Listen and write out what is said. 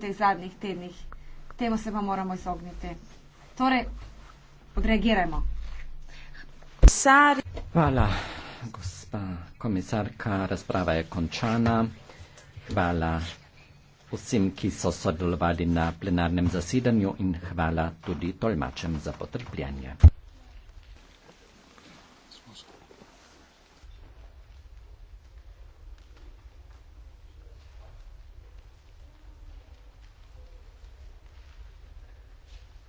teh zadnjih tednih. Temu se pa moramo izogniti. Torej, odreagirajmo. Hvala, gospa komisarka. Razprava je končana. Hvala vsem, ki so sodelovali na plenarnem zasedanju in hvala tudi tolmačem za potrpljenje.